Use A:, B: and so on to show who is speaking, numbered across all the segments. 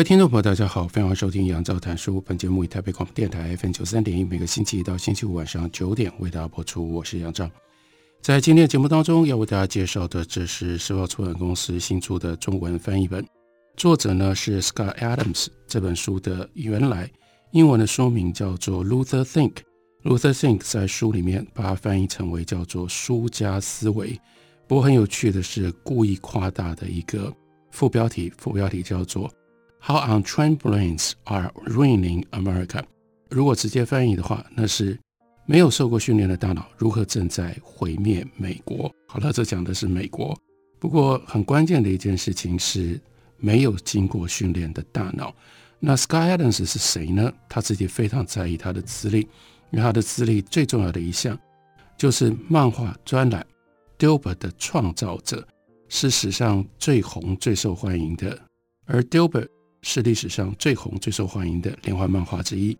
A: 各位聽眾朋友，大家好，非常歡迎收聽楊照談書。本節目以台北廣播電臺 FM 九三點一每個星期一到星期五晚上九點為大家播出。我是楊照，在今天的節目當中要為大家介紹的，這是時報出版公司新出的中文翻譯本，作者呢是 Scott Adams。這本書的原來英文的書名叫做 Loserthink，Loserthink 在書裡面把它翻譯成為叫做“輸家思維”。不過很有趣的是，故意誇大的一個副標題，副標題叫做。How untrained brains are ruining America? 如果直接翻譯的話，那是沒有受過訓練的大腦如何正在毀滅美國？好了，這講的是美國。不過很關鍵的一件事情是，沒有經過訓練的大腦。那 Scott Adams 是誰呢？他自己非常在意他的資歷，因為他的資歷最重要的一項就是漫畫專欄《Dilbert》的創造者，是史上最紅、最受歡迎的。而 Dilbert 是歷史上最紅、最受歡迎的連環漫畫之一。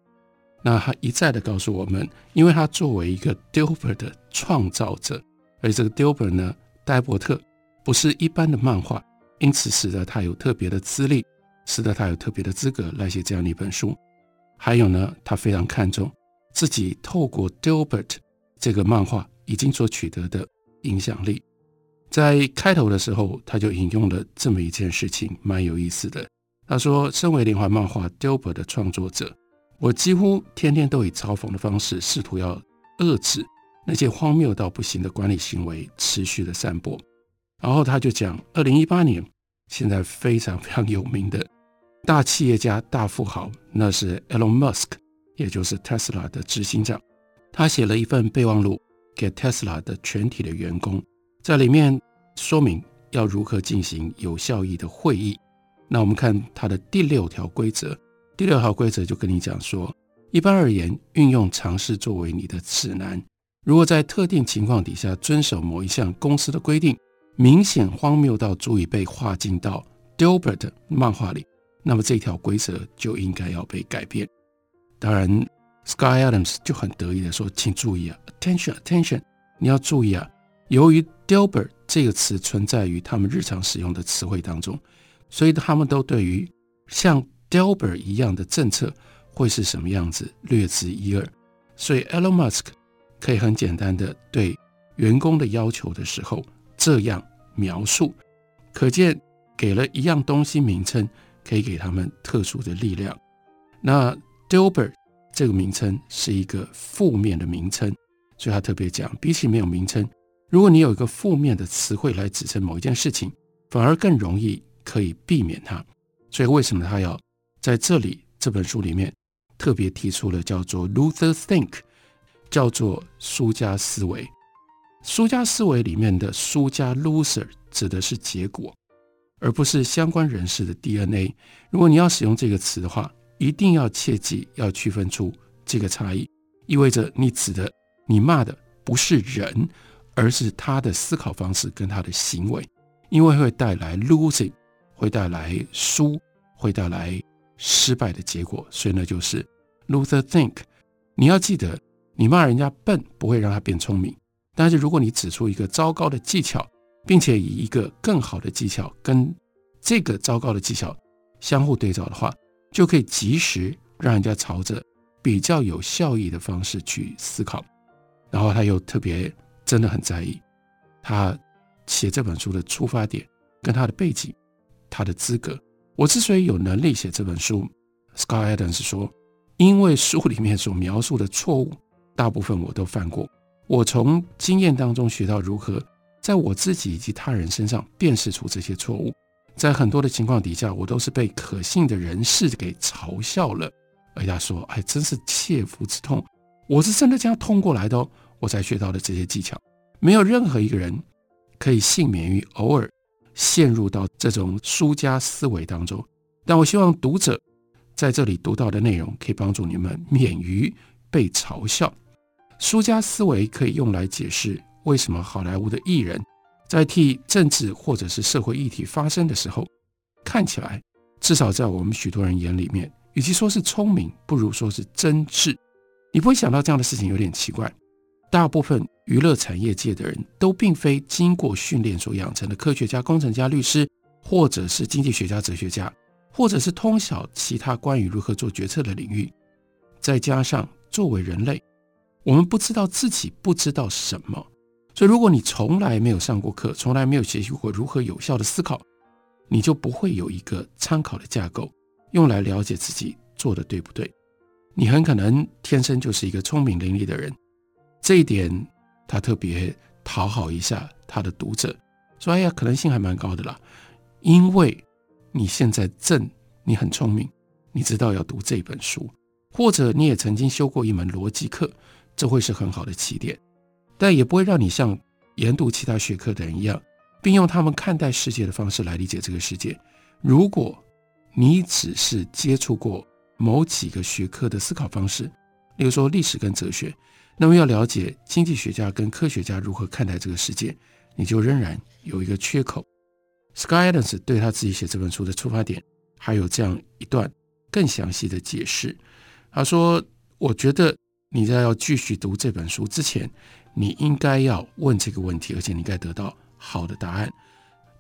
A: 那他一再的告訴我們，因為他作為一個 Dilbert 的創造者，而這個 Dilbert 呢，呆伯特不是一般的漫畫，因此使得他有特別的資歷，使得他有特別的資格來寫這樣的一本書。還有呢，他非常看重自己透過 Dilbert 這個漫畫已經所取得的影響力。在開頭的時候，他就引用了這麼一件事情，蠻有意思的。他說：“身為連環漫畫《Dilbert》的創作者，我幾乎天天都以嘲諷的方式，試圖要遏制那些荒謬到不行的管理行為持續的散播。”然後他就講，二零一八年，現在非常非常有名的大企業家、大富豪，那是 Elon Musk，也就是 Tesla 的執行長。他寫了一份備忘錄給 Tesla 的全體的員工，在裡面說明要如何進行有效益的會議。那我們看它的第六條規則，第六條規則就跟你講說，一般而言，運用常識，作為你的指南。如果在特定情況底下遵守某一項公司的規定，明顯荒謬到足以被畫進到 Dilbert 漫畫裡，那麼這條規則就應該要被改變。當然，Scott Adams 就很得意的說，請注意啊，Attention，Attention，Attention，你要注意啊，由於 Dilbert 這個詞存在於他們日常使用的詞彙當中。所以他們都對於像 Dilbert 一樣的政策會是什麼樣子略知一二，所以 Elon Musk 可以很簡單的對員工的要求的時候這樣描述，可見給了一樣東西名稱可以給他們特殊的力量。那 Dilbert 這個名稱是一個負面的名稱，所以他特別講，比起沒有名稱，如果你有一個負面的詞彙來指稱某一件事情，反而更容易，可以避免它，所以為什麼他要在這裡這本書裡面特別提出了叫做 Loser Think，叫做輸家思維。輸家思維裡面的輸家 Loser 指的是結果，而不是相關人士的 DNA。如果你要使用這個詞的話，一定要切記要區分出這個差異，意味着你指的、你罵的不是人，而是他的思考方式跟他的行為，因為會帶來 losing。會帶來輸，會帶來失敗的結果。所以呢，就是 Loserthink，你要記得，你罵人家笨不會讓他變聰明。但是如果你指出一個糟糕的技巧，並且以一個更好的技巧跟這個糟糕的技巧相互對照的話，就可以及時讓人家朝着比較有效益的方式去思考。然後他又特別真的很在意，他寫這本書的出發點跟他的背景。他的資格，我之所以有能力寫這本書，Scott Adams 說，因為書裡面所描述的錯誤，大部分我都犯過。我從經驗當中學到如何在我自己以及他人身上辨識出這些錯誤。在很多的情況底下，我都是被可信的人士給嘲笑了，而他說：“哎，真是切膚之痛。”我是真的這樣痛過來的哦。我才學到的這些技巧，沒有任何一個人可以幸免於偶爾。陷入到這種輸家思維當中，但我希望讀者在這裡讀到的內容可以幫助你們免於被嘲笑。輸家思維可以用來解釋為什麼好萊塢的藝人，在替政治或者是社會議題發聲的時候，看起來至少在我們許多人眼裡面，與其說是聰明，不如說是真摯。你不會想到這樣的事情有點奇怪。大部分娛樂產業界的人都並非經過訓練所養成的科學家、工程家、律師，或者是經濟學家、哲學家，或者是通曉其他關於如何做決策的領域。再加上作為人類，我們不知道自己不知道什麼，所以如果你從來沒有上過課，從來沒有學習過如何有效的思考，你就不會有一個參考的架構用來了解自己做的對不對。你很可能天生就是一個聰明伶俐的人。這一點，他特別討好一下他的讀者，說：“哎呀，可能性還蠻高的啦，因為你現在正你很聰明，你知道要讀這本書，或者你也曾經修過一門邏輯課，這會是很好的起點，但也不會讓你像研讀其他學科的人一樣，並用他們看待世界的方式來理解這個世界。如果你只是接觸過某幾個學科的思考方式，例如說歷史跟哲學。”那麼，要了解經濟學家跟科學家如何看待這個世界，你就仍然有一個缺口。Sky a 爾 s 對他自己寫這本書的出發點，還有這樣一段更詳細的解釋。他說：“我覺得你在要繼續讀這本書之前，你應該要問這個問題，而且你應該得到好的答案。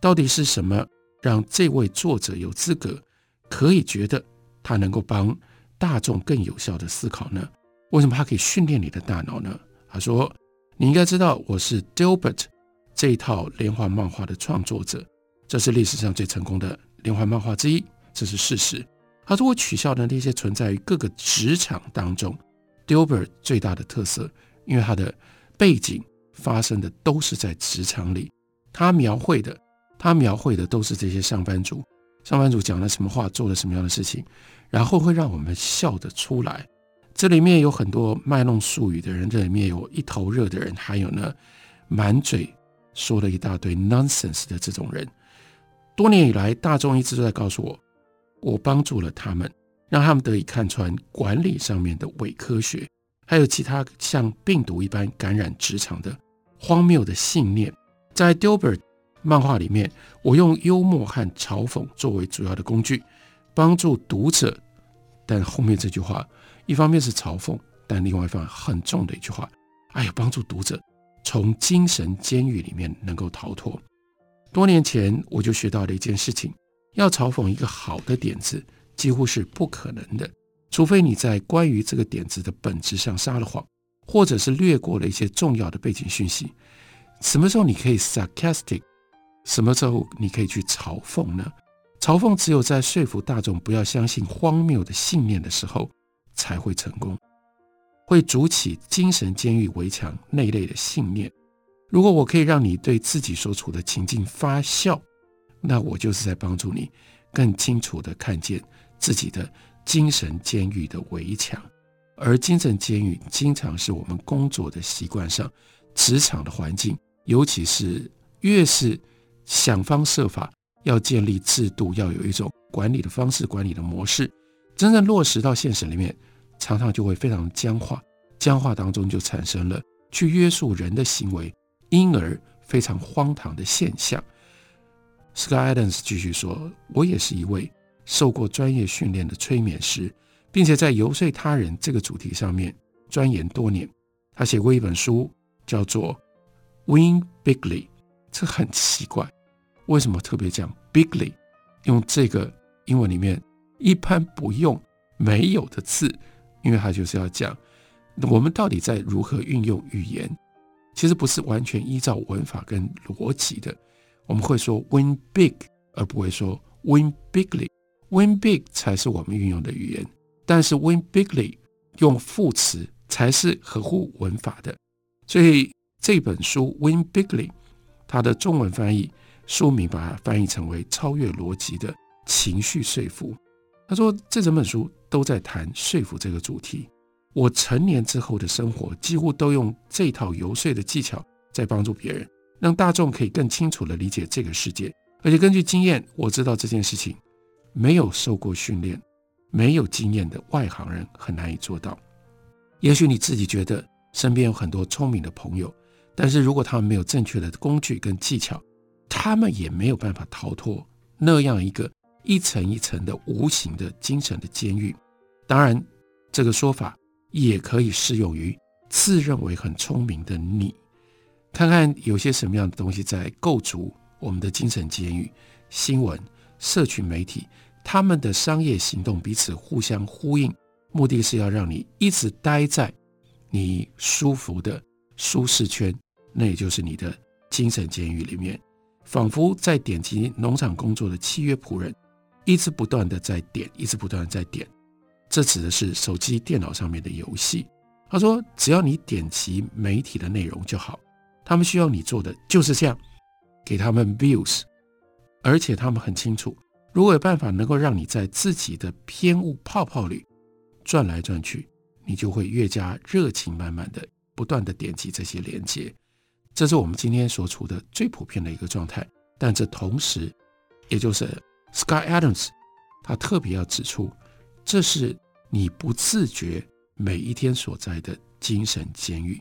A: 到底是什麼讓這位作者有資格可以覺得他能夠幫大眾更有效的思考呢？”為什麼他可以訓練你的大腦呢？他說：“你應該知道我是 Dilbert 這一套連環漫畫的創作者，這是歷史上最成功的連環漫畫之一，這是事實。”他說：“我取笑的那些存在於各個職場當中，Dilbert 最大的特色，因為他的背景發生的都是在職場裡，他描繪的，他描繪的都是這些上班族，上班族講了什麼話，做了什麼樣的事情，然後會讓我們笑得出來。”這裡面有很多賣弄術語的人，這裡面有一頭熱的人，還有呢，滿嘴說了一大堆 nonsense 的這種人。多年以來，大眾一直都在告訴我，我幫助了他們，讓他們得以看穿管理上面的偽科學，還有其他像病毒一般感染職場的荒謬的信念。在 Dilbert 漫畫裡面，我用幽默和嘲諷作為主要的工具，幫助讀者。但後面這句話。一方面是嘲諷，但另外一方面很重的一句話，哎呀，幫助讀者從精神監獄裡面能夠逃脫。多年前我就學到了一件事情：要嘲諷一個好的點子幾乎是不可能的，除非你在關於這個點子的本質上撒了謊，或者是略過了一些重要的背景訊息。什麼時候你可以 sarcastic？什麼時候你可以去嘲諷呢？嘲諷只有在說服大眾不要相信荒謬的信念的時候才會成功，會築起精神監獄圍牆那一類的信念。如果我可以讓你對自己所處的情境發笑，那我就是在幫助你更清楚地看見自己的精神監獄的圍牆。而精神監獄經常是我們工作的習慣上、職場的環境，尤其是越是想方設法要建立制度，要有一種管理的方式、管理的模式，真正落實到現實裡面。常常就會非常僵化，僵化當中就產生了去約束人的行為，因而非常荒唐的現象。Scott Adams 繼續說：“我也是一位受過專業訓練的催眠師，並且在遊說他人這個主題上面鑽研多年。他寫過一本書，叫做《Win Bigly》。這很奇怪，為什麼特別講 ‘Bigly’？用這個英文裡面一般不用沒有的字。”因為他就是要講，我們到底在如何運用語言？其實不是完全依照文法跟邏輯的。我們會說 win big，而不會說 win bigly。win big 才是我們運用的語言，但是 win bigly 用副詞才是合乎文法的。所以這本書 win bigly，它的中文翻譯，書名把它翻譯成為超越邏輯的情緒說服。他說這整本書。都在談說服這個主題。我成年之後的生活幾乎都用這套遊說的技巧在幫助別人，讓大眾可以更清楚地理解這個世界。而且根據經驗，我知道這件事情沒有受過訓練、沒有經驗的外行人很難以做到。也許你自己覺得身邊有很多聰明的朋友，但是如果他們沒有正確的工具跟技巧，他們也沒有辦法逃脫那樣一個。一層一層的無形的精神的監獄，當然，這個說法也可以適用於自認為很聰明的你。看看有些什麼樣的東西在構築我們的精神監獄？新聞、社群媒體，他們的商業行動彼此互相呼應，目的是要讓你一直待在你舒服的舒適圈，那也就是你的精神監獄裡面，仿佛在點擊農場工作的契約僕人。一直不斷的在點，一直不斷的在點，這指的是手機、電腦上面的遊戲。他說：“只要你點擊媒體的內容就好，他們需要你做的就是這樣，給他們 views。而且他們很清楚，如果有辦法能夠讓你在自己的偏誤泡泡裡轉來轉去，你就會越加熱情滿滿的不斷的點擊這些連接。這是我們今天所處的最普遍的一個狀態。但這同時，也就是…… Sky Adams，他特別要指出，這是你不自覺每一天所在的精神監獄。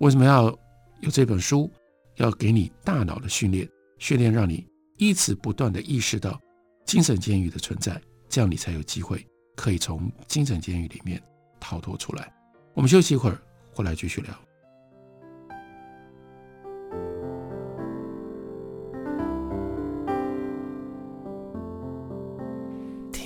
A: 為什麼要有這本書？要給你大腦的訓練，訓練讓你一直不斷的意識到精神監獄的存在，這樣你才有機會可以從精神監獄裡面逃脫出來。我們休息一會兒，過來繼續聊。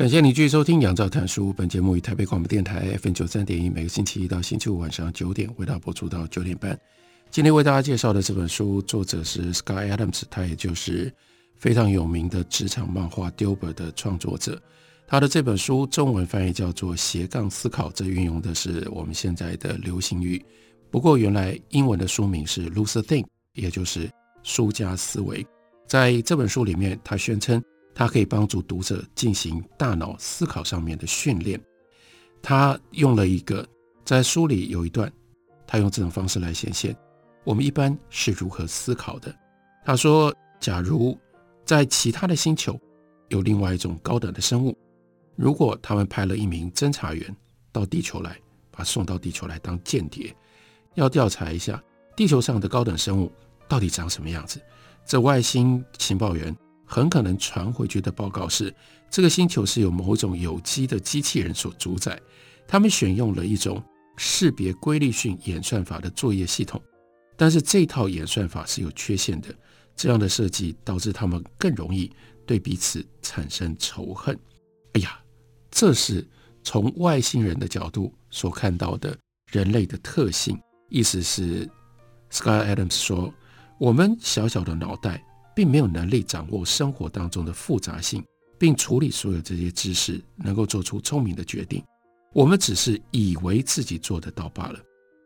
A: 感謝您繼續收聽《楊照談書》。本節目於台北廣播電台 FM 九三點一，每個星期一到星期五晚上九點，為大家播出到九點半。今天為大家介紹的這本書，作者是 Sky Adams，他也就是非常有名的職場漫畫《呆伯特》的創作者。他的這本書中文翻譯叫做《斜槓思考》，這運用的是我們現在的流行語。不過，原來英文的書名是《Loser Think》，也就是“輸家思維”。在這本書裡面，他宣稱。他可以幫助讀者進行大腦思考上面的訓練。他用了一個在書裡有一段，他用這種方式來顯現我們一般是如何思考的。他說，假如在其他的星球有另外一種高等的生物，如果他們派了一名偵查員到地球來，把他送到地球來當間諜，要調查一下地球上的高等生物到底長什麼樣子。這外星情報員。很可能傳回去的報告是，這個星球是由某種有機的機器人所主宰，他們選用了一種識別規律性演算法的作業系統，但是這套演算法是有缺陷的，這樣的設計導致他們更容易對彼此產生仇恨。哎呀，這是從外星人的角度所看到的人類的特性，意思是，Scott Adams 說，我們小小的腦袋，並沒有能力掌握生活當中的複雜性，並處理所有這些知識，能夠做出聰明的決定。我們只是以為自己做得到罷了，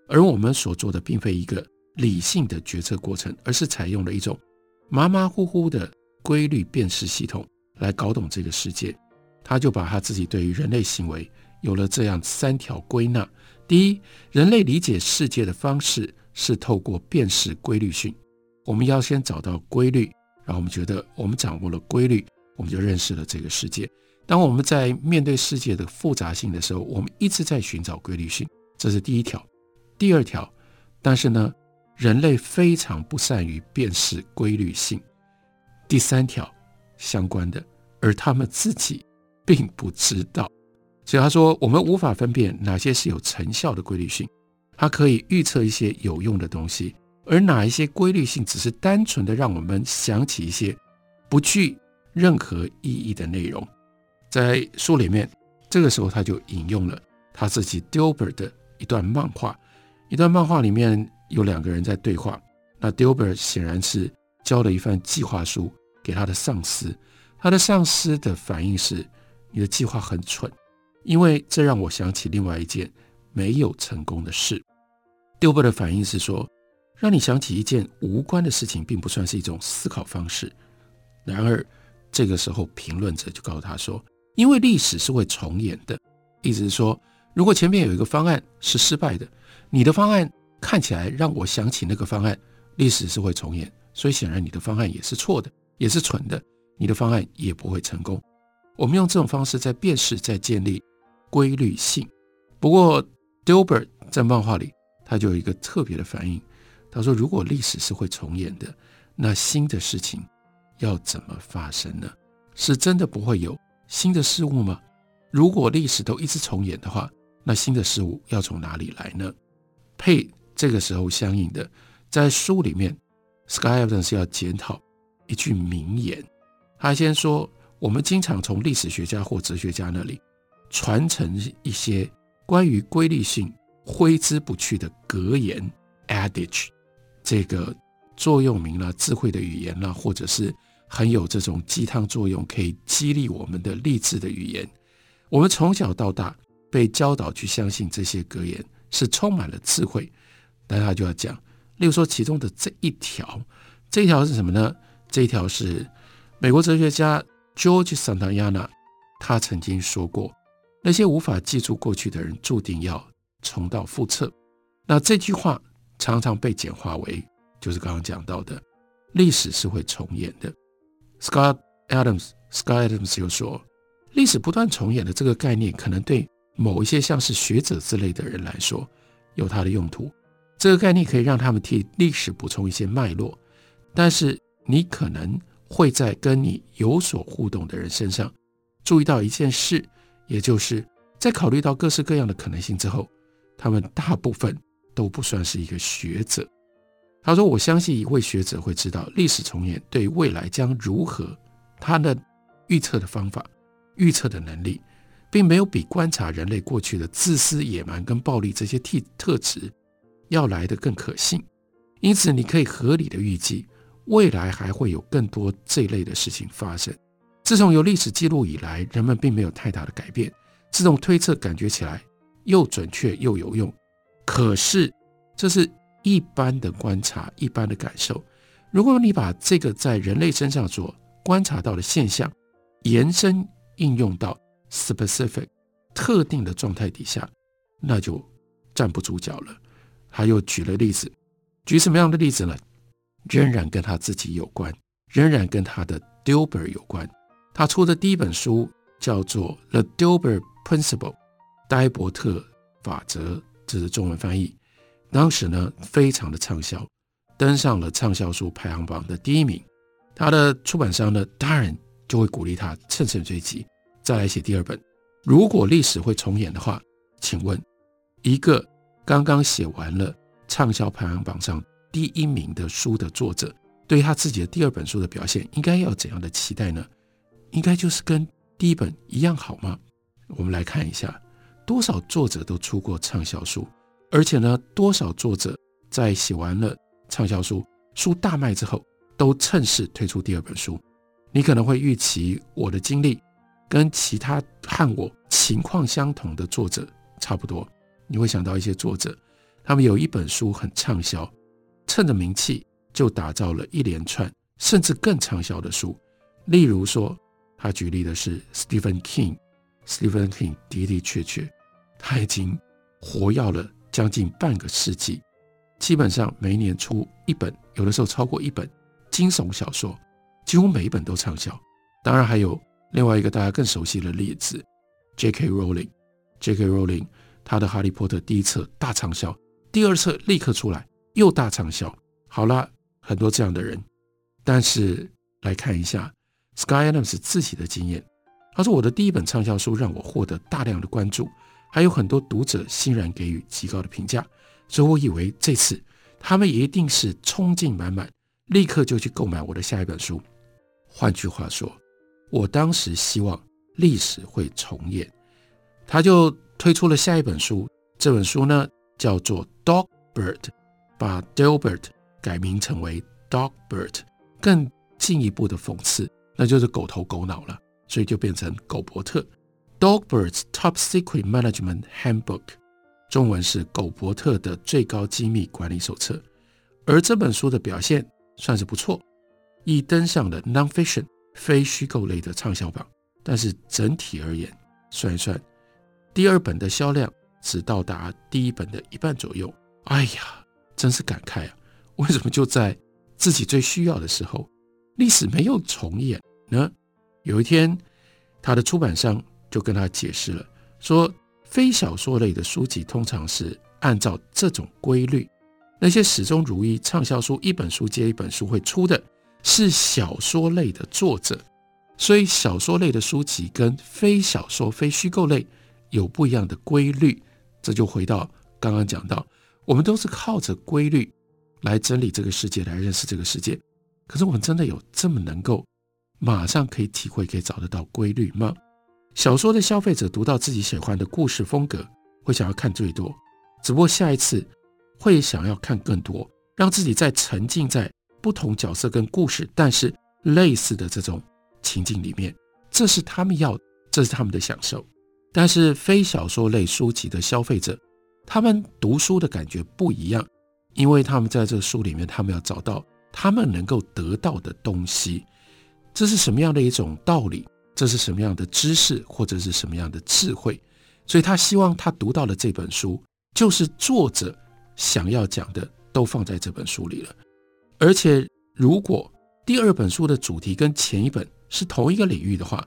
A: 而我們所做的並非一個理性的決策過程，而是採用了一種馬馬虎虎的規律辨識系統來搞懂這個世界。他就把他自己對於人類行為有了這樣三條歸納：第一，人類理解世界的方式是透過辨識規律性，我們要先找到規律。然後我們覺得我們掌握了規律，我們就認識了這個世界。當我們在面對世界的複雜性的時候，我們一直在尋找規律性，這是第一條。第二條，但是呢，人類非常不善於辨識規律性。第三條，相關的，而他們自己並不知道。所以他說，我們無法分辨哪些是有成效的規律性，它可以預測一些有用的東西。而哪一些規律性只是單純的讓我們想起一些不具任何意義的內容。在書裡面，這個時候他就引用了他自己呆伯特的一段漫畫。一段漫畫裡面有兩個人在對話，那呆伯特顯然是交了一份計劃書給他的上司，他的上司的反應是，你的計劃很蠢，因為這讓我想起另外一件沒有成功的事。呆伯特的反應是說，讓你想起一件無關的事情，並不算是一種思考方式。然而，這個時候評論者就告訴他說：“因為歷史是會重演的，意思是說，如果前面有一個方案是失敗的，你的方案看起來讓我想起那個方案，歷史是會重演，所以顯然你的方案也是錯的，也是蠢的，你的方案也不會成功。”我們用這種方式在辨識、在建立規律性。不過，Dilbert 在漫畫裡他就有一個特別的反應。他說：“如果歷史是會重演的，那新的事情要怎麼發生呢？是真的不會有新的事物嗎？如果歷史都一直重演的話，那新的事物要從哪裡來呢？”佩這個時候相應的在書裡面，Scott Adams 要檢討一句名言。他先說：“我們經常從歷史學家或哲學家那裡傳承一些關於規律性揮之不去的格言 adage。”這個座右銘啦，智慧的語言啦、啊，或者是很有這種雞湯作用，可以激勵我們的勵志的語言。我們從小到大被教導去相信這些格言是充滿了智慧，但他就要講，例如說其中的這一條，這一條是什麼呢？這一條是美國哲學家 George Santayana，他曾經說過：那些無法記住過去的人，注定要重蹈覆轍。那這句話。常常被簡化為，就是剛剛講到的，歷史是會重演的。Scott Adams，Scott Adams 又說，歷史不斷重演的這個概念，可能對某一些像是學者之類的人來說，有它的用途。這個概念可以讓他們替歷史補充一些脈絡。但是你可能會在跟你有所互動的人身上，注意到一件事，也就是在考慮到各式各樣的可能性之後，他們大部分。都不算是一個學者。他說：“我相信一位學者會知道歷史重演對未來將如何。他的預測的方法、預測的能力，並沒有比觀察人類過去的自私、野蠻跟暴力這些特特質要來得更可信。因此，你可以合理的預計未來還會有更多這一類的事情發生。自從有歷史記錄以來，人們並沒有太大的改變。這種推測感覺起來又準確又有用。”可是，這是一般的觀察，一般的感受。如果你把這個在人類身上所觀察到的現象延伸應用到 specific 特定的狀態底下，那就站不住腳了。他又舉了例子，舉什麼樣的例子呢？仍然跟他自己有關，仍然跟他的 Dilbert 有關。他出的第一本書叫做《The Dilbert Principle》，呆伯特法則。這是中文翻譯，當時呢非常的暢銷，登上了暢銷書排行榜的第一名。他的出版商呢，當然就會鼓勵他乘勝追擊，再來寫第二本。如果歷史會重演的話，請問，一個剛剛寫完了暢銷排行榜上第一名的書的作者，對於他自己的第二本書的表現，應該要怎樣的期待呢？應該就是跟第一本一樣好嗎？我們來看一下。多少作者都出過暢銷書，而且呢，多少作者在寫完了暢銷書、書大賣之後，都趁勢推出第二本書。你可能會預期我的經歷跟其他和我情況相同的作者差不多。你會想到一些作者，他們有一本書很暢銷，趁着名氣就打造了一連串甚至更暢銷的書。例如說，他舉例的是 Stephen King。Stephen King 的的確確，他已經活躍了將近半個世紀，基本上每一年出一本，有的時候超過一本驚悚小說，幾乎每一本都暢銷。當然還有另外一個大家更熟悉的例子，J.K. Rowling。J.K. Rowling，他的《哈利波特》第一冊大暢銷，第二冊立刻出來又大暢銷。好啦，很多這樣的人，但是來看一下 Scott Adams 自己的經驗。他說我的第一本暢銷書，讓我獲得大量的關注，還有很多讀者欣然給予極高的評價。所以，我以為這次他們一定是衝勁滿滿，立刻就去購買我的下一本書。換句話說，我當時希望歷史會重演。他就推出了下一本書，這本書呢叫做《Dogbert》，把 Dilbert 改名成為 Dogbert，更進一步的諷刺，那就是狗頭狗腦了。所以就變成《狗伯特 d o g b i r d s Top Secret Management Handbook），中文是《狗伯特的最高機密管理手冊》。而這本書的表現算是不錯，一登上了 Nonfiction 非虛構類的暢銷榜。但是整體而言，算一算，第二本的銷量只到達第一本的一半左右。哎呀，真是感慨啊！為什麼就在自己最需要的時候，歷史沒有重演呢？有一天，他的出版商就跟他解釋了，說非小說類的書籍通常是按照這種規律，那些始終如一暢銷書，一本書接一本書會出的，是小說類的作者，所以小說類的書籍跟非小說、非虛構類有不一樣的規律。這就回到剛剛講到，我們都是靠着規律來整理這個世界，來認識這個世界。可是我們真的有這麼能夠？馬上可以體會，可以找得到規律嗎？小說的消費者讀到自己喜歡的故事風格，會想要看最多，只不過下一次會想要看更多，讓自己再沉浸在不同角色跟故事，但是類似的這種情境裡面，這是他們要，這是他們的享受。但是非小說類書籍的消費者，他們讀書的感覺不一樣，因為他們在這個書裡面，他們要找到他們能夠得到的東西。這是什麼樣的一種道理？這是什麼樣的知識？或者是什麼樣的智慧？所以他希望他讀到了這本書，就是作者想要講的都放在這本書裡了。而且，如果第二本書的主題跟前一本是同一個領域的話，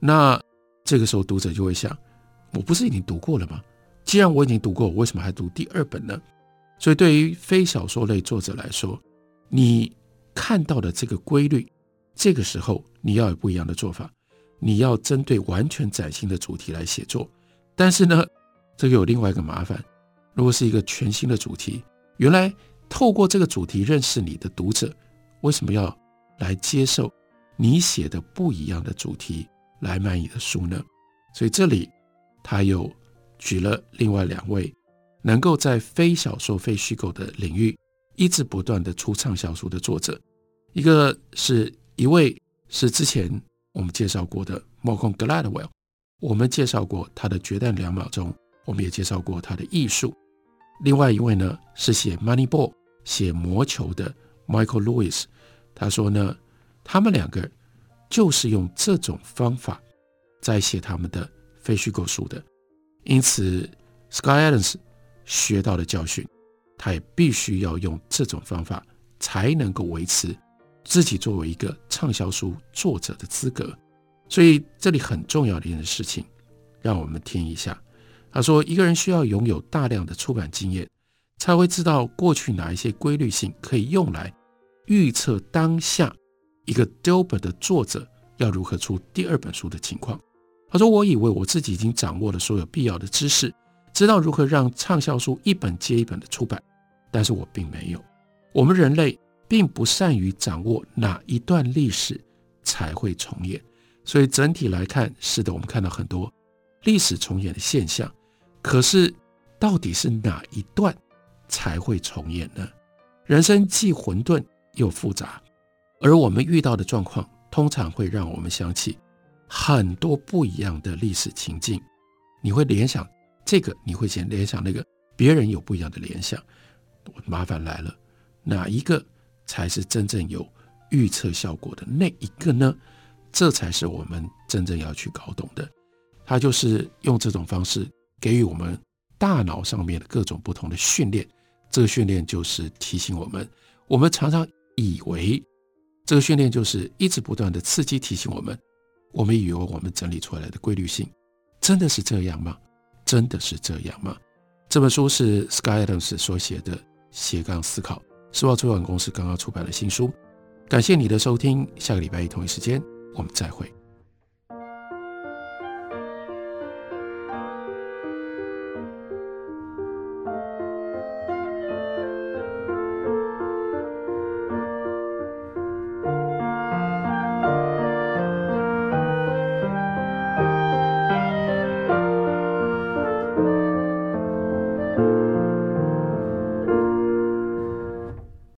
A: 那這個時候讀者就會想，我不是已經讀過了嗎？既然我已經讀過，我為什麼還讀第二本呢？所以，對於非小說類作者來說，你看到的這個規律。這個時候你要有不一樣的做法，你要針對完全嶄新的主題來寫作。但是呢，這個有另外一個麻煩：如果是一個全新的主題，原來透過這個主題認識你的讀者，為什麼要來接受你寫的不一樣的主題來賣你的書呢？所以這裡他又舉了另外兩位能夠在非小說非虛構的領域一直不斷的出暢銷書的作者，一個是。一位是之前我們介紹過的 Malcolm Gladwell，我們介紹過他的《決斷兩秒間》，我們也介紹過他的《異數》。另外一位呢是寫《Moneyball》寫魔球的 Michael Lewis，他說呢，他們兩個就是用這種方法在寫他們的非虛構書的。因此 Scott Adams 學到了教訓，他也必須要用這種方法才能夠維持，自己作為一個暢銷書作者的資格，所以這裡很重要的一件事情，讓我們聽一下。他說：“一個人需要擁有大量的出版經驗，才會知道過去哪一些規律性可以用來預測當下一個 debut 的作者要如何出第二本書的情況。”他說：“我以為我自己已經掌握了所有必要的知識，知道如何讓暢銷書一本接一本的出版，但是我並沒有。我們人類。”並不善於掌握哪一段歷史才會重演，所以整體來看，是的，我們看到很多歷史重演的現象。可是，到底是哪一段才會重演呢？人生既混沌又複雜，而我們遇到的狀況通常會讓我們想起很多不一樣的歷史情境。你會聯想這個，你會先聯想那個，別人有不一樣的聯想，麻煩來了，哪一個？才是真正有預測效果的那一個呢？這才是我們真正要去搞懂的。它就是用這種方式給予我們大腦上面的各種不同的訓練。這個訓練就是提醒我們，我們常常以為這個訓練就是一直不斷的刺激提醒我們。我們以為我們整理出來的規律性，真的是這樣嗎？真的是這樣嗎？這本書是 Scott Adams 所寫的《斜槓思考》。時報出版公司剛剛出版的新書，感謝你的收聽，下個禮拜一同一時間我們再會。